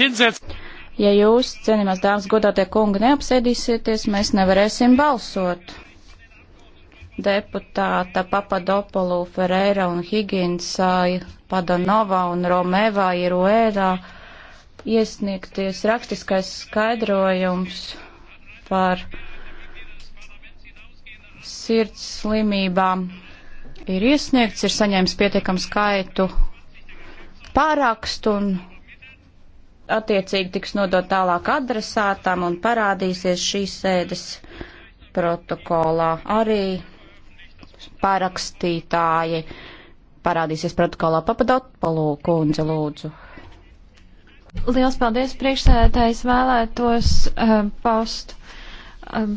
Ja jūs, cienījamās dāmas, godātie kungi, neapsēdīsieties, mēs nevarēsim balsot. Deputāta Papadopolu, Ferreira un Higgins, Padanova un Romeva ir Uērā iesniegties rakstiskais skaidrojums par sirds slimībām ir iesniegts, ir saņēmis pietiekam skaitu pārakstu un attiecīgi tiks nodot tālāk adresātam un parādīsies šīs sēdes protokolā. Arī parakstītāji parādīsies protokolā. Papadot palūkundze lūdzu. Liels paldies priekšsēdētājs vēlētos uh, paust. Uh,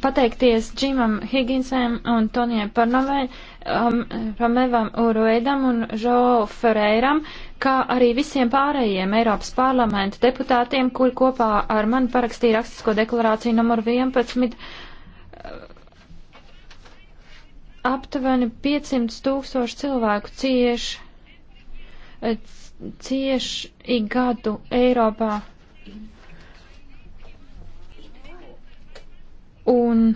pateikties Džimam Higginsam un Tonijai Parnovai, um, Romevam Uruedam un Žo Ferreiram, kā arī visiem pārējiem Eiropas parlamenta deputātiem, kuri kopā ar mani parakstīja rakstisko deklarāciju numur 11. Uh, aptuveni 500 tūkstoši cilvēku cieši uh, cieš ik gadu Eiropā. Un,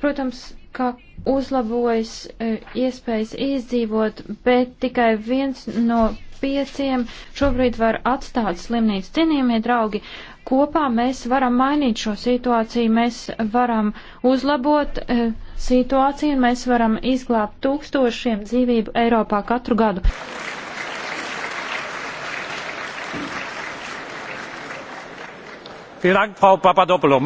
protams, ka uzlabojas e, iespējas izdzīvot, bet tikai viens no pieciem šobrīd var atstāt slimnīcu. Cienījamie draugi, kopā mēs varam mainīt šo situāciju, mēs varam uzlabot e, situāciju, mēs varam izglābt tūkstošiem dzīvību Eiropā katru gadu. frau papadopoulou!